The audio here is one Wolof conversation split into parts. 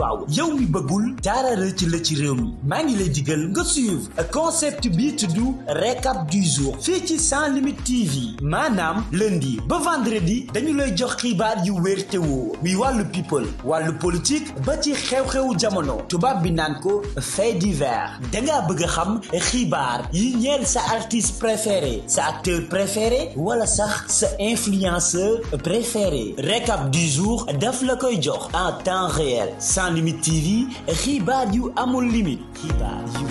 waaw waaw mi bëggul dara rëcc la ci réew mi maa ngi lay digal nga suivre concept bii tudd récap du jour fii ci sans limite TV maanaam lundi ba vendredi dañu lay jox xibaar yu wér te woo muy wàll people wàllu ba ci xew-xewu jamono tubaab bi naan ko fait divers danga bëgg a xam xibaar yi ñeel sa artiste préféré sa acteur préféré wala sax sa influenceur préféré récap du jour def la koy jox en temps réel sans limite TV yu amul limite yu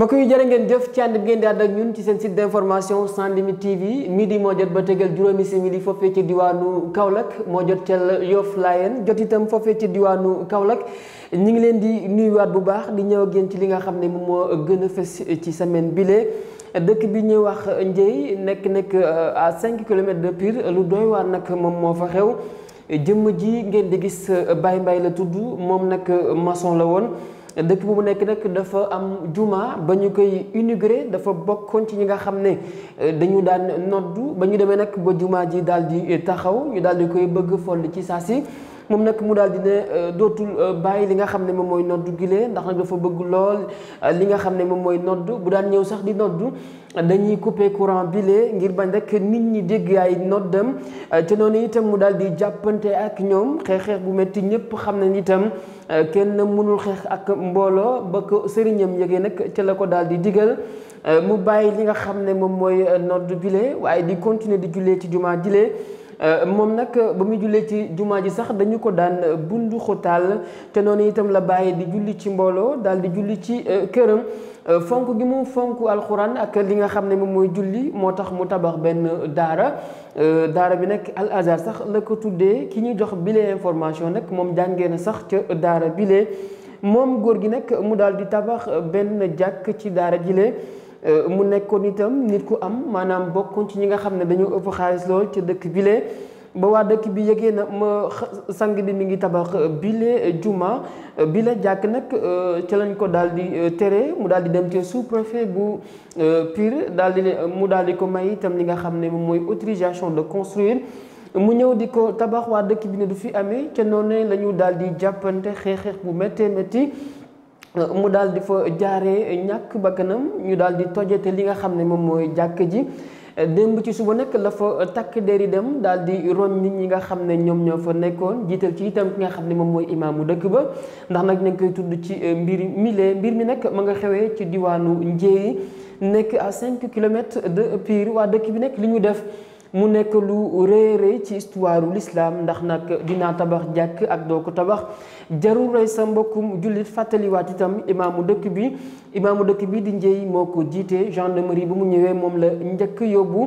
amul ngeen jëf ci ànd bi ngeen di ànd ak ñun ci seen site d'information sans limite TV midi moo jot ba tegal juróomi simili foofee ci diwaanu Kaolack moo jot teel Yoff Layeen jot itam foofee ci diwaanu Kaolack ñu ngi leen di nuyuwaat bu baax di ñëw ak yéen ci li nga xam ne moom moo gën a fës ci semaine bile. dëkk bi ñuy wax Ndieye nekk nekk euh, à 5 kilomètres de Pire lu doy waar nag moom moo fa xew. jëmm ji ngeen di gis euh, Baye Mbaye la tudd moom nag euh, mason la woon dëkk bu mu nekk nag dafa am juma ba ñu koy inauguré dafa bokkoon ci ñi nga xam ne euh, dañu daan noddu ba ñu demee nag ba jumaa ji daal di taxaw ñu daal di koy bëgg foll ci saa si moom nag mu daal di ne euh, dootul euh, bàyyi li nga xam ne moom mooy noddu gilee ndax nag dafa bëgg lool euh, li nga xam ne moom mooy noddu bu daan ñëw sax di noddu dañuy couper courant bile ngir bañ rek nit ñi dégg ay noddam te noonu itam mu daal di jàppante ak ñoom xeex-xeex bu métti ñëpp xam nañ itam kenn mënul xeex ak mbooloo ba sëriñam yëgee nag ca ko daal di digal mu bàyyi li nga xam ne moom mooy nodd bile waaye di continuer di jullee ci jumaa jile Euh, moom nag euh, ba muy jullee ci jumaa ji sax dañu ko daan euh, bunduxu xutaal te noonu itam la bàyyi di julli ci mbooloo daal di julli ci këram fonk gi mu fonk alxuraan ak li nga xam ne moom mooy julli moo tax mu tabax benn daara daara bi nag al sax la ko tuddee ki ñuy jox bile information nag moom jàngee na sax ca daara bile moom góor gi nag mu daal di tabax benn jàkk ci daara jile Euh, mu nekkoon itam nit ku am maanaam bokkoon ci ñi nga xam ne dañoo ëpp xaalis lool ca dëkk bile. ba waa dëkk bi yëgee na ma sang bi mi ngi tabax euh, bile juma euh, bile jàkk nag ca lañ ko daal di tere mu daal di dem ca sous préfet bu Pire daal di mu daal di ko may itam li nga xam ne moom mooy autorisation de construire mu ñëw di ko tabax waa dëkk bi ne du fi amee ca noonu lañu ñu daal di jàppante xeex xeex bu méttee métti mu daal di fa jaare ñàkk bakkanam ñu daal di tojjate li nga xam ne moom mooy jàkk ji démb ci suba nag la fa takk der yi dem daal di roñ nit ñi nga xam ne ñoom ñoo fa nekkoon jiital ci itam ki nga xam ne moom mooy imaamu dëkk ba ndax nag ñu ngi koy tudd ci eh, mbir mile mbir mi nag mu nga xewee ci diwaanu Njéeri nekk à cinq kilomètres de piir waa dëkk bi nag li ñu def. mu nekk lu rëy rëy ci histoire lislaam ndax nag dinaa tabax jàkk ak doo ko tabax jarul rey sa mbokkum jullit fàttaliwaat itam imaamu dëkk bi imaamu dëkk bi di njëy moo ko jiite gendarmerie bu mu ñëwee moom la njëkk yóbbu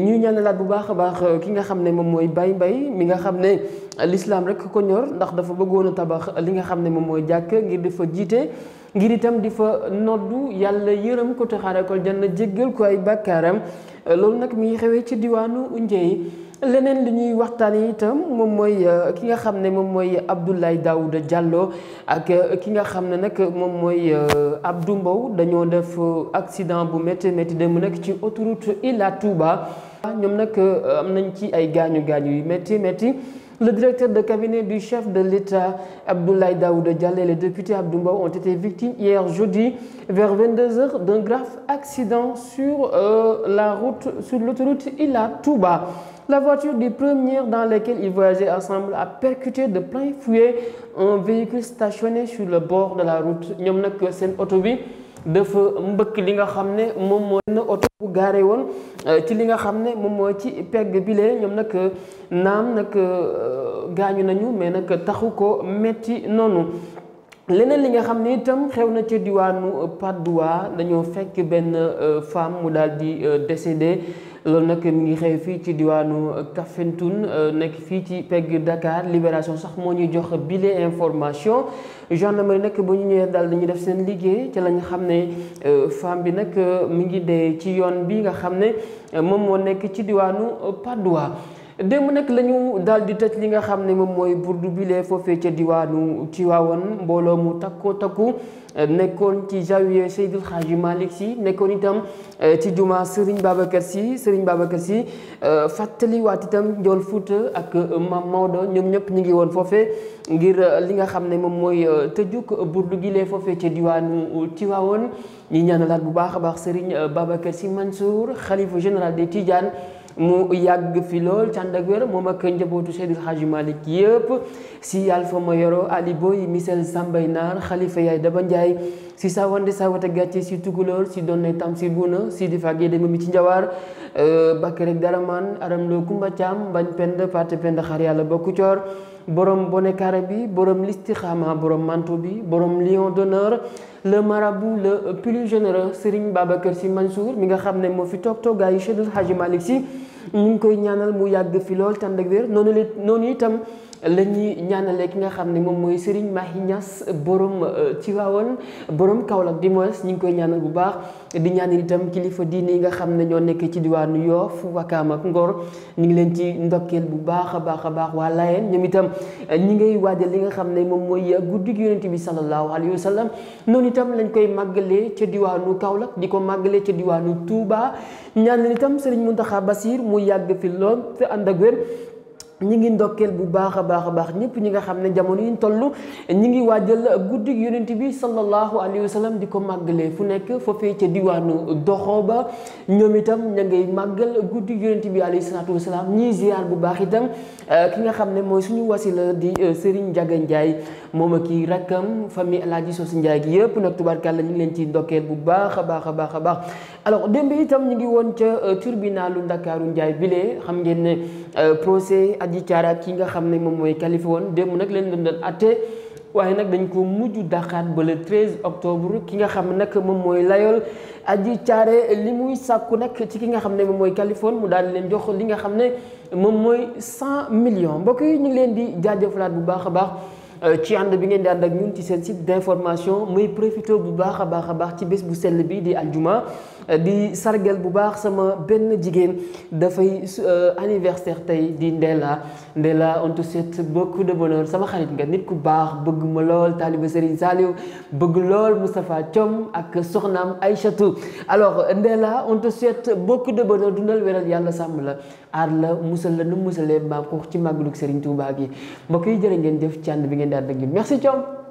ñuy ñaanalaat bu baax a baax euh, ki nga xam ne moom mooy Baye Mbaye mi nga xam ne l'islam rek koñor ndax dafa bëggoon a tabax li nga xam ne moom mooy jàkk ngir di fa jiite ngir itam di fa noddu yàlla yërëm ko te xaaral ko jànn jéggal ko ay bàkkaaram euh, loolu nag mi ngi ci diwaanu Ndiaye leneen li ñuy waxtaan waxtaanee itam moom mooy euh, ki nga xam ne moom mooy Abdoulaye Daouda jàlloo ak euh, ki nga xam ne nag moom mooy euh, Abdou Mbow dañoo def accident bu métti métti mu nekk ci autoroute Ila Touba. ñoom nag am nañ ci ay gaañu gaañu yu métti métti le directeur de cabinet du chef de l'État Abdoulaye Daouda Diallo et le député Abdou Mbow ont été victimes hier jeudi vers 22h d'un grave accident sur euh, la route sur l'autoroute illah Touba. La voiture du premier dans laquelle ils voyageaient ensemble a percuté de plein fouet un véhicule stationné sur le bord de la route ñoom nag seen oto bi dafa mbëkk li nga xam ne moom moo na oto bu gaare woon euh, ci li nga xam ne moom moo ci pegg bi ñoom nag euh, naam nag euh, gaañu nañu mais nag taxu ko metti noonu leneen li nga xam ne itam xew na ca diwaanu Padoua dañoo fekk benn euh, femme mu daal di euh, décédé loolu nag mi ngi xew fii ci diwaanu euh, Kafountine nekk fii ci pegg Dakar Libération sax moo ñuy jox bile information gendarmerie nag ba ñu ñëwee daal dañuy def seen liggéey ci la nga xam ne femme bi nag mi ngi dee ci yoon bi nga xam ne moom moo nekk ci diwaanu Padoua. démb nag lañu ñu daal di tëj li nga xam ne moom mooy burdu bile foofee ca diwaanu Tiwaawan mbooloo mu takko takku eh, nekkoon ci zawiya Seydil Xaaji Malick si nekkoon itam eh, ci juma Serigne Babacar si Serigne Babacar si eh, fàttaliwaat itam Njool Fuuta ak Mam Maodo ñoom ñëpp ñu ngi woon foofee ngir li nga xam ne moom mooy tëjuk burdu gile foofee ca diwaanu Tiwaawan ñi ñaanalaat bu baax a baax Serigne Babacar si Mansour xalifa général des Tidiane mu yàgg fi lool cànd ak moom ak njabootu Seydil Hadji Malick yëpp si Alpha Mayoro Ali Boy Michel Sambay Naar xalifa Yaay Daba Ndiaye si Sawande Sawata Gàcce si Tukulóor si Donne Tamsir Buna si di fàggee danga mi ci njawaar euh, Bakk rek dara man aram loo Kumba Caam Mbañ Pend Pate Pend xar yàlla bokku coor borom bonnet carré bi borom listixaama borom manteau bi borom lion d'honneur le marabout le plus généreux Serigne Babacar Sy Mansour mi nga xam ne moo fi toog toogaayu Cheikh Hadji Malick Sy ñu ngi koy ñaanal mu yàgg fi lool tànd ak wér noonu noonu itam. la ñuy ñaanalee ki nga xam ne moom mooy Serigne Mahi Niass borom euh, Tivaouane borom Kaolack di moes ñi ngi koy ñaanal bu baax di ñaanal itam kilifa diine yi nga xam ne ñoo nekk ci diwaanu Yoff Wakaam ak Ngor ñu ngi leen ci ndokkeel bu baax a baax a baax waa Layeen ñoom itam euh, ñi ngay waajal li nga xam ne moom mooy euh, guddi gi yonent bi sallallahu alayhi wa sallam noonu itam lañ koy màggalee ca diwaanu Kaolack di ko màggalee ca diwaanu Touba ñaanal itam Serigne Mountakha basiir mu yàgg fi lool te ànd ak wér ñi ngi ndokkeel bu baax a baax a baax ñëpp ñi nga xam ne jamono yiñ toll ñi ngi waajal guddi yonent bi sallallahu alayhi wa sallam di ko màggalee fu nekk foofee ca diwaanu doxoo ba ñoom itam ña ngay màggal guddi yonent bi alayhi salaatu wasalaam ñii ziar bu baax itam euh, ki nga xam ne mooy suñu wasila di euh, Serigne Ndiaga Ndiaye moom ak i rakkam famille El Hadji Sosi Ndiaye gi yëpp nag tubaarkàlla ñu ngi leen ci ndokkeel bu baax baax baax a baax alors démb itam ñu ngi woon ca euh, tribunal lu Ndakaaru Ndiaye bile xam ngeen ne procès aji caare ak ki nga xam ne moom mooy qualifié woon démb nag leen doon doon atte waaye nag dañ ko mujj dàqaat ba le 13 octobre ki nga xam nag moom mooy layool aji caare li muy sàkku nag ci ki nga xam ne moom mooy qualifié woon mu daal di leen jox li nga xam ne moom mooy 100 millions mbokk yi ñu ngi leen di jaajëfalaat bu baax a baax Euh, ci ànd bi ngeen di ànd ak ñun ci seen site d'information muy profité bu baax a baax a baax ci bés bu sell bi di aljuma euh, di sargal bu baax sama benn jigéen dafay euh, anniversaire tey di Ndella Ndella on te souhaite beaucoup de bonheur sama xarit nga nit ku baax bëgg ma lool taaliba Serigne Saliou bëgg lool Moustapha Thiom ak soxnaam Aïchatou alors Ndella on te souhaite beaucoup de bonheur dundal wéral yàlla sàmm la aar la musal la nu musalee maam ko ci màggalug Serigne daal di dégg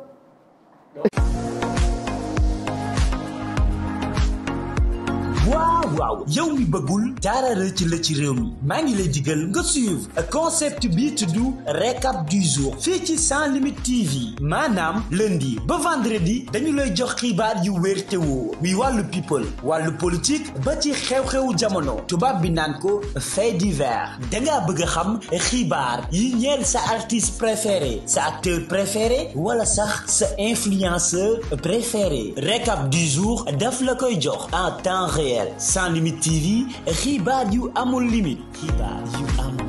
waaw mi bëggul dara rëcc la ci réew mi maa ngi lay digal nga suivre concept bii tudd récap du jour fii ci sans limite TV maanaam lundi ba vendredi dañu lay jox xibaar yu wér te woo muy wàllu people wàllu ba ci xew-xewu jamono tubaab bi naan ko fait divers danga bëgg a xam xibaar yi ñeel sa artiste préféré sa acteur préféré wala sax sa influenceur préféré récap du jour def la koy jox en temps réel limite TV xibaar yu amul limite xibaar yu amul